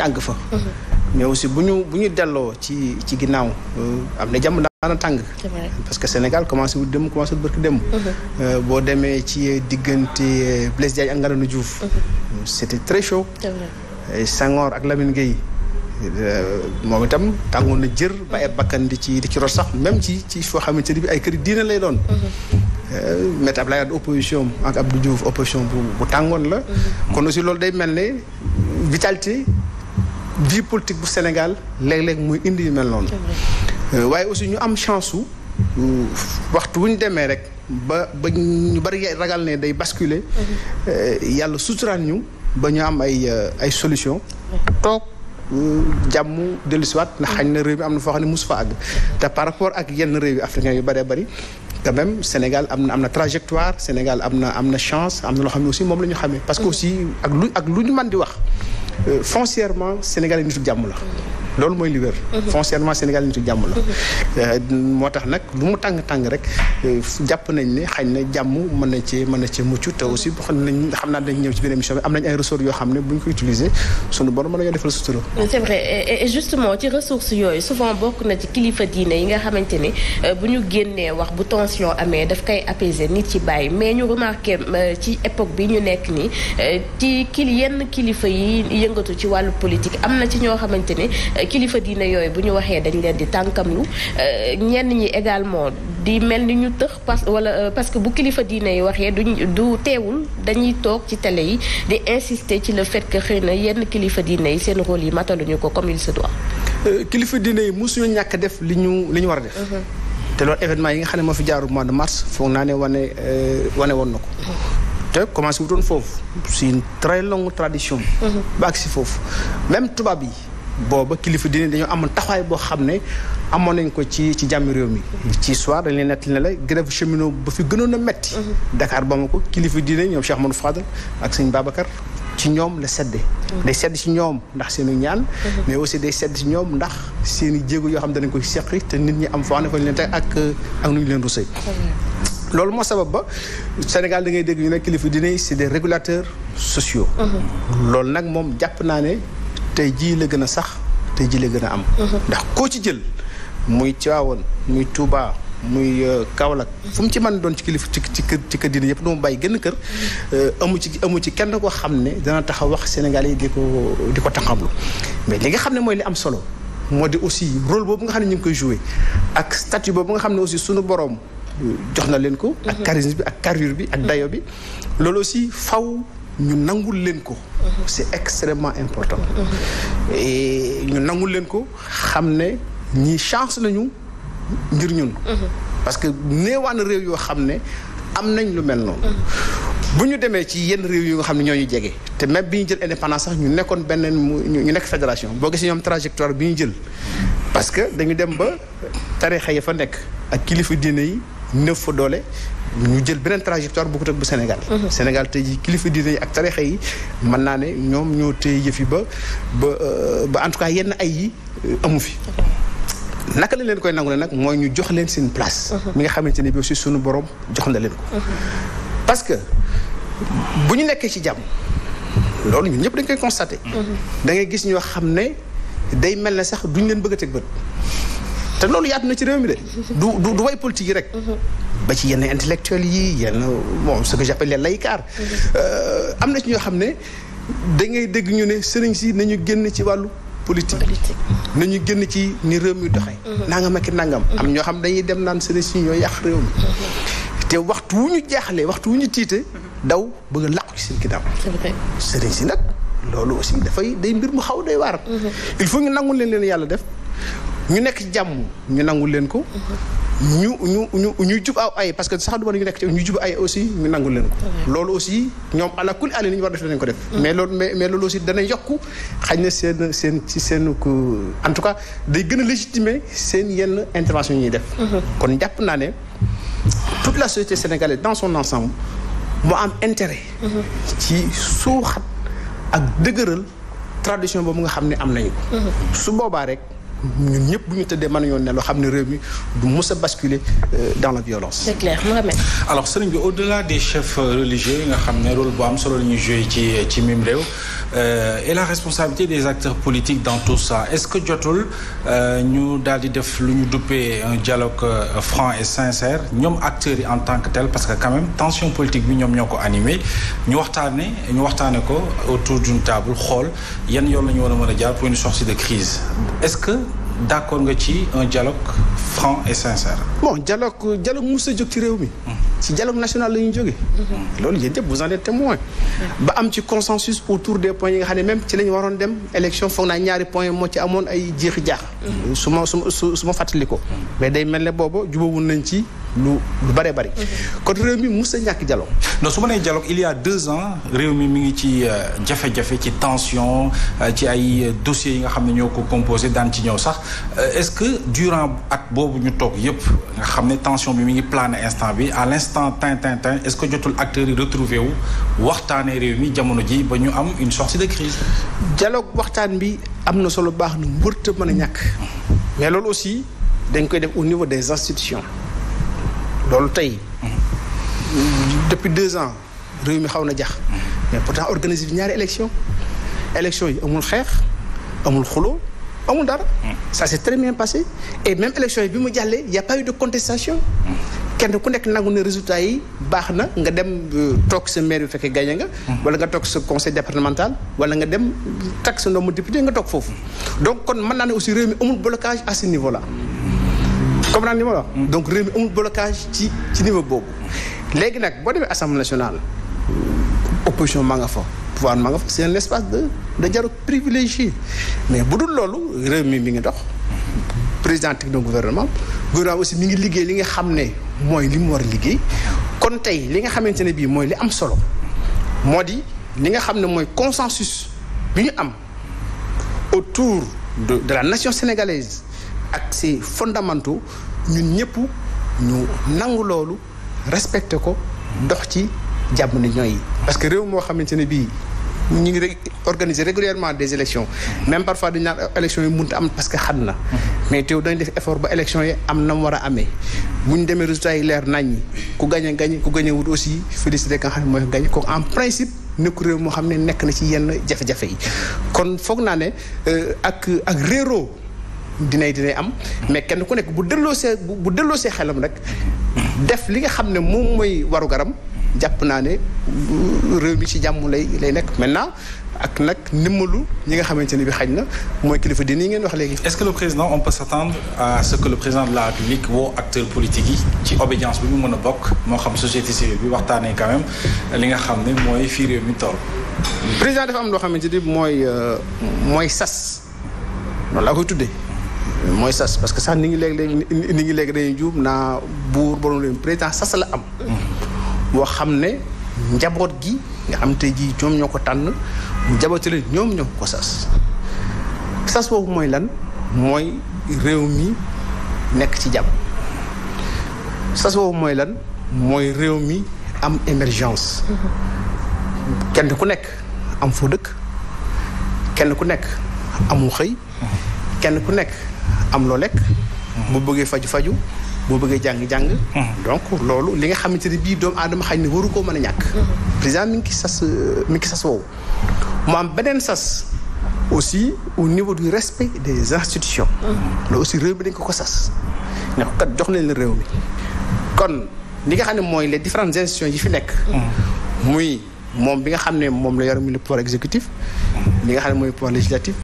àgg fa. mais aussi bu ñu bu ñu delloo ci ci ginnaaw euh, am na jàmm daana tàng. parce que Sénégal commencé wut dem commencé wut bërki dem. Euh, boo demee ci diggante euh, Blaise Diagne ak Ngalandou Diouf. c' était très chaud. sangoor ak Lamine Gueye. moom itam tàngoon na jër ba ay bakkan ci di ci sax même ci ci foo xamante ni bi ay këri diina lay doon. Maître Abdoulaye Wade opposition ak Abdou Diouf opposition bu tàngoon la. Mhm. kon aussi loolu day mel ne vitalité. vie politique bu Sénégal léeg-léeg muy indi yu mel noonu. Euh, waaye aussi ñu am chance su euh, waxtu wu ñu demee rek ba ba ñu bari ragal ne day basculer. Mhm. Euh, yàlla suturaan ñu ba ñu am ay ay solution toog jàmm dellusiwaat na xañ na réew mi am na foo xam ne mosu fa àgg. te par rapport ak yenn réew yu africain yu bare bëri. te même Sénégal am na am na trajectoire Sénégal am na am na chance am na loo xam ne aussi moom la ñu xamee. parce que mhm. aussi ak lu ak lu ñu mën di wax. Euh, foncièrement Sénégal yi nitu jàmm la loolu mooy li wér. Mhm. foncièrement Sénégal nitu jàmm la. Mhm. Euh, moo tax nag lu mu tàng tàng rek euh, jàpp nañ ne xañ na jàmm mën na cee mën na cee mucc te aussi xam nañ xam naa dañ ñëw ci beneen émission bi am na ay ressources yoo xam e bu ñu ko utiliser sunu borom mën nañoo defal sutura. c'est vrai justement ci ressources yooyu souvent bokk na ci kilifa diine yi nga xamante ni euh, bu ñu génnee wax bu tension amee daf kay apaiser nit ci bàyyi mais ñu remarqué ci époque bi ñu nekk nii ci kii yenn kilifa yi yëngatu ci wàllu politique am na ci ñoo xamante ni. kilifa diine yooyu bu ñu waxee dañ leen di tànkam lu euh, ñenn ñi également di mel ni ñu tëx parce wala euh, parce que bu kilifa diine yi waxee duñ du teewul dañuy toog ci télé yi di insister ci la fait que xëy na yenn kilifa diine yi seen rôle yi mataluñu ko comme il se doit. Euh, kilifa diine yi mosuñu ñàkk def li ñu li ñu war a def. Mhm. yi nga xam ne moo fi jaaru mois de naa ne wane wane woon na ko. Mhm. te commencé wutoon foofu c'est une longue tradition. Mhm. ba agsi foofu même tubaab yi. booba kilifa diine dañoo amoon taxawaay boo xam ne amoon nañ ko ci ci jàmm réew mi. ci soir dañ leen nettali ne la grève cheminot ba fi gënoon a metti mhm. Dakar ba ma ko kilifa diine ñoom Cheikh Amadou Fadal ak sëñ Babacar ci ñoom la sedde mhm. day sedd ci ñoom ndax seenu ñaan mhm. mais aussi day sedd ci ndax seen jéego yoo xam danañ koy seqi te nit ñi am foo xam ne fa ak ak nu ñu leen rusee loolu moo sabab ba Sénégal da ngay dégg ñu ne kilifa diine c'est des régulateurs sociaux loolu nag moom jàpp naa ne tey jii la gën a sax tey jii la gën a am. Mhm. ndax koo ci jël muy Tivaouane muy Touba. muy euh, Kaolack mhm. fu mu ci man doon ci kilifa ci ci kër ci kër yëpp du mu bàyyi gën kër mhm. euh, amu ci amu ci kenn koo xam ne dana taxaw wax Sénégal yi di ko di ko taxawlu mais li nga xam ne mooy li am solo moo di aussi rôle boobu nga xam ne ñu ngi koy joué ak statut boobu nga xam ne aussi sunu boroom euh, jox na leen ko ak charisme bi ak carrure bi ak dayo bi loolu aussi faw ñu nangul leen ko c'est extrêmement important et ñu nangul leen ko xam ne ñii chance nañu ngir ñun parce que néewaan réew yoo xam ne am nañ lu mel noonu bu ñu demee ci yenn réew yi nga xam ne ñoo ñu jege te même bi ñu jël indépendance sax ñu nekkoon beneen ñu nekk fédération boo gisee ñoom trajectoire bi ñu jël parce que dañu dem ba tarixa ya fa nekk ak kilifa diine yi neuf fa doole ñu jël beneen trajectoire bu ko tëg bu Sénégal mhm. Sénégal te ji kilifa diine yi ak tarixa yi mën naa ne ñoom ñoo téye yëf yi ba ba euh, ba en tout cas yenn ay yi euh, amu fi naka lañ leen koy nangu nag mooy ñu jox leen seen place mhm. mi nga xamante ne bi aussi sunu borom jox na leen ko mhm. parce que bu ñu nekkee ci jàmm loolu ñun ñëpp dañ koy constaté da ngay gis ñoo xam ne day mel ne sax duñ leen bëgg teg bët te loolu yaatu na ci réew mi de du du du way politique yi rek. Mhm. ba ci yenn intellectuels yi yenn bon ce que j'appelle les laïcards. Mhm. Euh, am na ci ñoo xam ne dangay dégg ñu ne sëriñ si nañu génn ci wàllu politique. nañu génn ci ni réew mi doxee. Mhm. nangam ak nangam. am ñoo xam dañuy dem naan sëriñ si ñoo yàq réew mi. te waxtu wu ñu jaaxlee waxtu wu ñu tiite. daw bëgg a làqu ci seen ginnaaw. sëriñ si nag loolu aussi dafay day mbir mu xaw day waar. il faut ñu nangu leen leen yàlla def. ñu nekk ci jàmm ñu nangul leen ko. ñu ñu ñu ñu jub aw ay parce que sax du ma ñu nekk ci ñu jub ay aussi ñu nangul leen ko. loolu aussi ñoom ala kulli àll li ñu war def danañ ko def. Mm. mais loolu mais mais loolu aussi dana yokk xañ na seen seen ci seen en tout cas day gën a légitimer seen yenn intervention yi ñuy def. Mm-hmm. kon jàpp naa ne toute la société sénégalaise dans son ensemble moo am intérêt. Mm-hmm. ci suuxat ak dëgëral tradition boobu nga xam ne am nañu ko. Mm-hmm. su boobaa rek. ñun ñëpp bu ñu tëddee mën nañoo nelaw xam ne réew mi du mës a basculer euh, dans la violence. c'est clair Mohamed. alors sëriñ bi au-delà des chefs euh, religieux yi nga xam ne rôle bu am solo la ñuy joué ci euh, ci mim réew et la responsabilité des acteurs politiques dans tout ça est-ce que jotul ñu dal di def lu ñu duppee un dialogue franc et sincère ñoom acteurs yi en tant que tel parce que quand même tension politique bi ñoom ñoo ko animé ñu waxtaane ñu waxtaane ko autour d'une table xool yan yoon la ñu war a mën a jaar pour une crise d'accord nga ci un dialogue franc et sincère. bon dialogue dialogue mu a jóg ci réew mi. ci dialogue national la ñuy jógee. loolu yéen ñëpp vous en êtes témoin ba am ci consensus autour des points yi nga xam ne même ci la ñu waroon dem élection foog naa ñaari points moo ci amoon ay jeexi jaax. su ma su ma su ma fàttali ko. mais day mel ne boobu jubawul nañ ci. lu lu bare bëri. Mhm. kon réew mi mës a ñàkk dialogue. non su ma nee dialogue il y deux ans réew mi mi ngi ci euh, jafe-jafe ci tension euh, ci ay euh, dossiers yi nga xam ne ñoo ko composé daan ci ñëw sax est-ce que durant ak boobu ñu toog yépp nga xam ne tension bi mi ngi plané instant bi à l'instant tin tin tin est-ce que jotul acteurs yi retrouvé wu waxtaanee réew mi jamono ji ba ñu am une sortie de crise. dialogue waxtaan bi am na solo baax na mbërte mën a ñàkk mhm. mais loolu aussi dañ koy def au niveau des institutions. loolu tey depuis deux ans réew mi xaw na jax mais pourtant organiser bi ñaari élection élection yi amul xeex amul xuloo amul dara ça s'est très bien passé et même élection yi bi mu jàllee y a pas eu de contestation kenn ku nekk nangu ne résultat yi baax na nga dem euh, toog sa maire bi fekkee gagné nga wala nga toog sa conseil départemental wala nga dem tag sa ndombu député nga toog foofu donc kon mën naa ne aussi réew mi amul blocage à ce niveau là comprendre ni ma mm. donc réew mi ci ci niveau boobu. léegi nag boo demee assemblée nationale opposition maa nga fa pouvoir maa nga fa c'est un espace de de mais bu dul loolu réew mi mi ngi dox. président teg na gouvernement gouvernement aussi mi ngi liggéey li nga xam ne mooy li mu war a liggéey kon tey li nga xamante ne bii mooy li am solo moo di li nga xam ne mooy consensus bi ñu am autour de de la nation sénégalaise ak ses fondamentaux ñun ñëpp ñu nangu loolu respecté ko dox ci jàmm ni ñooy parce que réew moo xamante ne bii ñu ngi rek organiser régulièrement des élections même parfois dañu naan élections yi mënut am parce que xam na mais teew dañu def effort ba élections yi am na mu war a amee bu ñu demee résultats yi leer nañ ñi ku gañe gañe ku gañe wut aussi félicité ka nga xam ne mooy gañe ko en principe nekku réew moo xam ne nekk na ci yenn jafe-jafe yi kon foog naa ne euh, ak ak réeroo dinay dinay am mais kenn ku nekk bu delloo see bu delloo see xelam rek def li nga xam ne moom mooy waru garam jàpp naa ne euh, réew mi ci jàmm lay lay nekk maintenant ak nag ndimbalu ñi nga xamante ne bi xaj na mooy kilifa di nii ngeen wax léegi. est-ce que le président on que le président de la République woo acteurs politiques yi ci obédience bi mu mën a bokk moo xam société bi waxtaanee quand li nga xam ne mooy fii réew mi toll. président dafa am loo xamante ni mooy euh, mooy sas loolu laa koy tuddee. mooy sas parce que sax ni ngi léegi ni ngi léegi dañuy juum naa buur borom leen président sas la am. boo xam ne njaboot gi nga xam tey jii ñoom ñoo ko tànn njabooti leen ñoom ñoo ko sas. sas boobu lan mooy réew mi nekk ci jàmm sas mooy lan mooy réew mi am émergence. kenn ku nekk am foo dëkk kenn ku nekk amul xëy. kenn ku nekk. am loo lekk. bu bëggee faju faju boo bëggee jàng-jàng donc loolu li nga xamante ne bii doomu aadama xañ ne waru koo mën a ñàkk président mi ngi sas mi ngi sas woowu mu am beneen sas aussi au niveau du respect des institutions loolu aussi réew bi dañ ko ko sas ne ko kat jox nañ la réew mi kon li nga xam ne mooy les différentes institutions yi fi nekk muy moom bi nga xam ne moom la yor muy le pouvoir exécutif li nga xam ne mooy pouvoir législatif